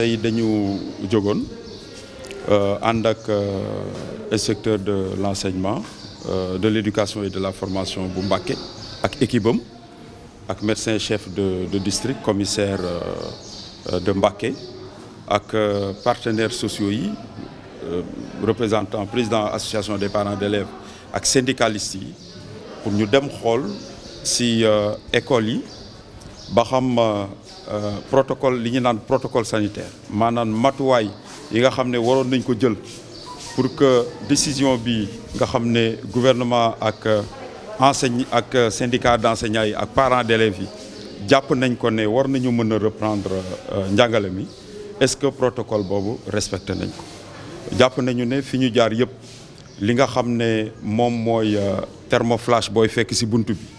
Je dañu euh ànd ak euh, inspecteur de l'enseignement euh, de l'éducation et de la formation bu Mbacké ak équipe avec ak médecin chef de district commissaire euh, de Mbacké ak partenaires sociaux yi représentant président association des parents d'élèves ak syndicalistes pour nous dem xol si écoli. yi ba xam euh, euh, protocole li ñu naan protocole sanitaire maanaam matuwaay yi nga xam ne waroon nañ ko jël pour que décision bi nga xam ne gouvernement ak euh, enseigne ak syndicat d'enseignants ak parents d'élèves yi jàpp nañ ko ne war nañu mën a reprendre njàngale mi est-ce que protocole boobu respecté nañ ko jàpp nañu ne fi jaar yëpp li nga xam ne moom thermoflash booy fekk ci bunt bi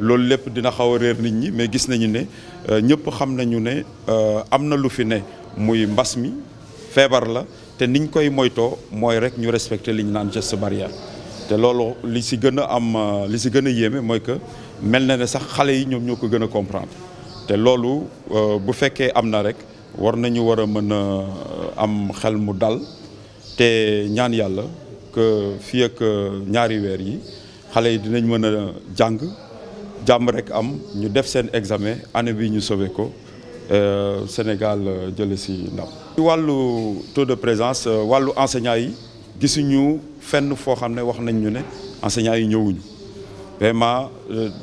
loolu lépp dina xaw a réer nit ñi mais gis nañu ne euh, ñëpp xam nañu ne euh, am na lu fi ne muy mbas mi feebar la te niñ koy moytoo mooy rek ñu respecter li ñu naan geste barrière te loolu li si gën a am euh, li si gën a yéeme mooy que mel na ne sax xale yi ñoom ñoo ko gën a comprendre te loolu bu fekkee am na rek war nañu war a mën a am xel mu dal te ñaan yàlla que fii ñaari weer yi xale yi dinañ mën a jàng Nous rek am ñu examen euh, Sénégal euh, taux de présence Nous euh, enseignants yi nous enseignants vraiment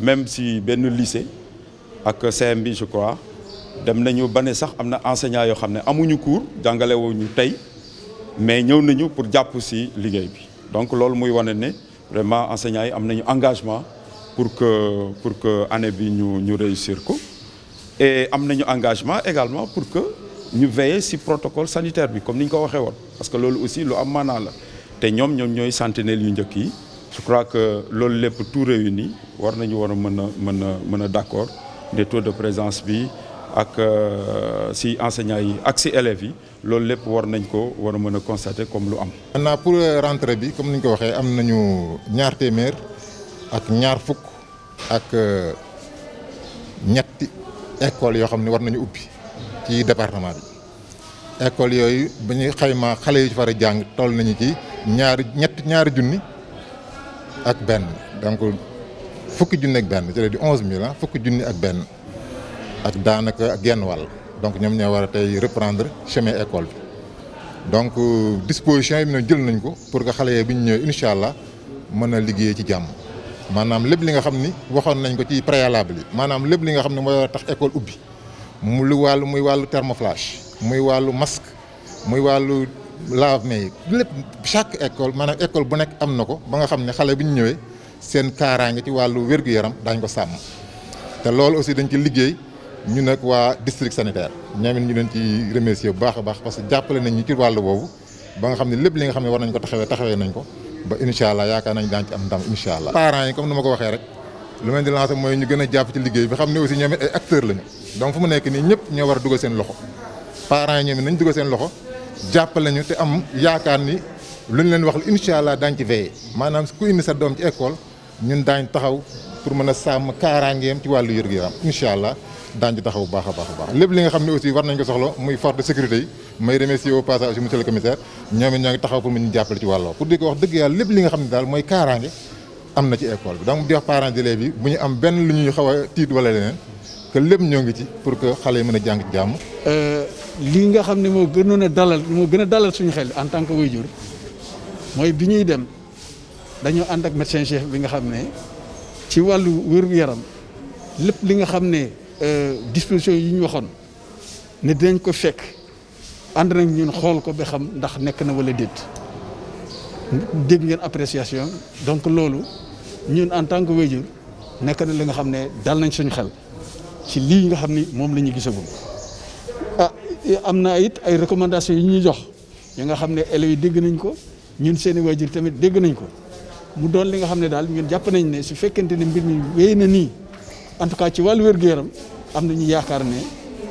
même si nous lycée ak CMB, je crois dem nañu bané sax amna enseignants cours mais ñëw nañu pour japp donc muy vraiment enseignants engagement pour que pour que année bi ñu ñu réussir ko et amener nañu engagement également pour que ñu veiller ci protocole sanitaire bi comme ni ñu ko parce que loolu aussi lu am maanaa la te ñoom ñoom ñooy sentinelles yu yi je crois que loolu les tout réuni war nañu war a mën a d'accord des taux de présence bi ak euh, si enseignants yi ak si élèves yi loolu lépp war nañ ko war a constater comme lu am. maintenant pour rentrer bi comme ni ñu ko waxee am nañu ñaar ak ñaar fuk ak euh, ñetti école yoo xam ne war nañu ubbi ci département bi école yooyu ba ñuy xayma xale yu ci fara jàng toll nañu ci ñaari ñetti ñaari junni ak ben, donc fukki junni ak benn ci di onze mille ah fukki junni ak ben ak daanaka genn wàll donc ñoom ñoo war a tey reprendre chemin école bi donc disposition yi ñu jël nañ ko pour que xale yi bi ñu ñëwee allah liggéey ci maanaam lépp li nga xam ni waxoon nañ ko ci préalable yi maanaam lépp li nga xam ne mooy tax école ubbi mu lu wàllu muy wàllu thermoflash muy wàllu masque muy wàllu lave-mains yi lépp chaque école maanaam école bu nekk am na ko ba nga xam ne xale bi ñu ñëwee seen kaaraange ci wàllu wér yaram daañ ko sàmm te loolu aussi dañ ci liggéey ñu nekk waa district sanitaire ñoom it ñu leen ci remercier bu baax a baax parce jàppale nañ ñu ci wàll boobu ba nga xam n lépp li nga xam ne war nañ ko taxawee taxawee nañ ko ba incha allah nañ daan ci am ndam incha parents yi comme nu ko waxee rek lu mel di lancé mooy ñu gën a ci liggéey bi xam aussi ñoom ay acteurs lañu donc fu mu nekk nii ñëpp ñoo war a seen loxo parents ñoom nañ dugal seen loxo jàppale ñu te am yaakaar ni lu leen wax incha ci ku indi sa ci école ñun taxaw pour ci ci taxaw baax li nga aussi war nañ ko muy force de sécurité yi may remercier au passage monsieur le commissaire ñoom it ñoo ngi taxaw pour mu ñu jàppale ci wàllu pour di ko wax dëgg yàlla lépp li nga xam ne daal mooy kaaraange am na ci école bi donc di wax parents d'élèves yi bu ñu am benn lu ñuy xaw a tiit wala leneen que lépp ñoo ngi ci pour que xale yi mën a jàng ci jàmm. Euh, lii nga xam ne moo gënoon a dalal moo gën a dalal suñu xel en tant que waajur mooy bi ñuy dem dañoo ànd ak médecin chef bi nga xam ne ci wàllu wér yaram lépp li nga xam ne euh, dispositions yi ñu waxoon ne dinañ ko fekk. ànd nañ ñun xool ko be xam ndax nekk na wala déet dégg ngeen appréciation donc loolu ñun en tant que wéyjur nekk na li nga xam ne dal nañ suñu xel ci lii nga xam ni moom la ñu gisagum ah am na it ay recommandations yu ñuy jox yi nga xam ne élèves yi dégg nañ ko ñun seeni wéyjur tamit dégg nañ ko mu doon li nga xam ne daal ñun jàpp nañ ne su fekkente ne mbir mi wéy na nii en tout cas ci wàllu wér-gu-yaram am na ñu yaakaar ne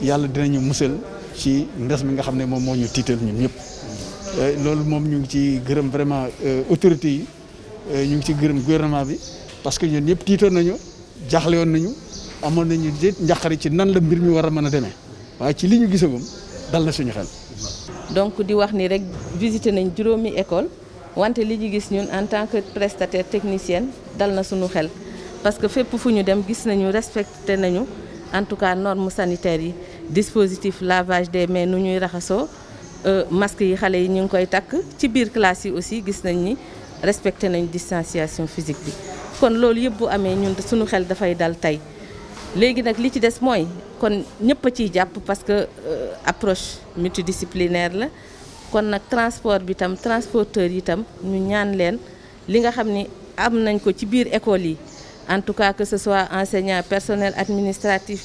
yàlla dinañu musal. ci mbes mi nga xam ne moom moo ñu tiital ñun ñëpp euh, loolu moom ñu ngi ci gërëm vraiment euh, autorité yi euh, ñu ngi ci gërëm gouvernement bi parce que ñun ñëpp tiitoon nañu jaaxle woon nañu amoon nañu déet njaqari ci nan la mbir mi war a mën a ci li ñu gisagum dal na suñu xel donc di wax ni rek visité nañ juróomi école wante li ñu gis ñun en tant que prestataire technicienne dal na suñu xel parce que fépp fu dem gis nañu respecté nañu en tout cas normes sanitaires yi dispositif lavage des mains euh, masque yi yi classe aussi ni distanciation physique bi kon ñun suñu xel dal li ci kon parce que euh, approche multidisciplinaire la transport bi tam transporteur yi tam ñu ñaan leen li nga en tout cas que ce soit enseignant personnel administratif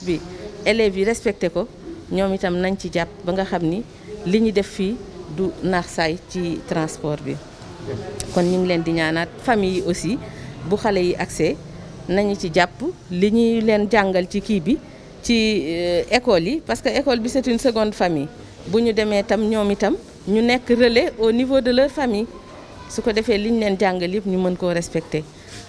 élèves yi respecté ko ñoom itam nañ ci jàpp ba nga xam ni li ñu def fii du naax saay ci transport bi kon ñu ngi leen di ñaanaat famille yi aussi bu xale yi accès nañu ci jàpp li ñuy leen jàngal ci kii bi ci euh, école yi parce que école bi c'est une seconde famille bu ñu demee tam ñoom itam ñu nekk relais au niveau de leur famille su ko defee li ñu leen jàngal yëpp ñu mën koo respecter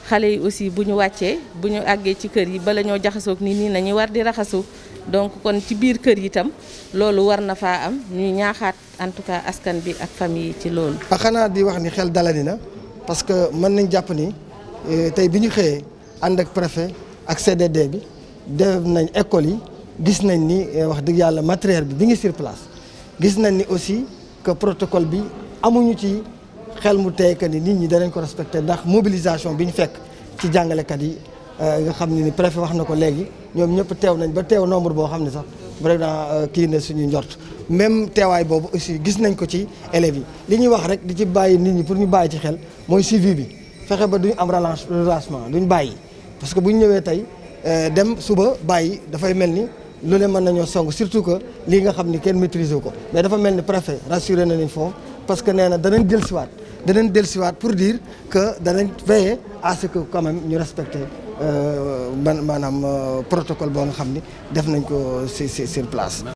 xale yi aussi bu ñu wàccee bu ñu àggee ci kër yi bala ñoo jaxasoog nit nii nañuy war di raxasu donc kon ci biir kër yi itam loolu war na faa am ñuy ñaaxaat en tout cas askan bi ak famille yi ci loolu. ah xanaa di wax ni xel dalani na parce que mën nañ jàpp ni euh, tey bi ñu xëyee ànd ak préfet ak CDD bi def nañ école yi gis nañ ni euh, wax dëgg yàlla matériel bi bi ngi sur place gis nañ ni aussi que protocole bi amuñu ci. xel mu tey que ni nit ñi danañ ko respecté ndax mobilisation bi ñu fekk ci jàngalekat yi euh, nga xam ne ni préfet wax na ko léegi ñoom ñëpp teew nañ ba teew nombre boo xam ne sax vraiment euh, kii na suñu njort même teewaay boobu aussi gis nañ ko ci élèves yi li ñuy wax rek di ci bàyyi nit ñi pour ñu bàyyi ci xel mooy suivi bi fexe ba duñ am relancement duñ bàyyi parce que bu ñu ñëwee tey euh, dem suba bàyyi dafay mel ni lu ne mën nañoo song surtout que lii nga xam ni kenn maîtrise ko mais dafa mel ni préfet rassuré na nañ foofu parce que nee na danañ jël siwaat danañ dellusiwaat pour dire que danañ veiller à que quand même ñu respecter man euh, maanaam euh, protocole boo nga xam ni def nañ ko si si place.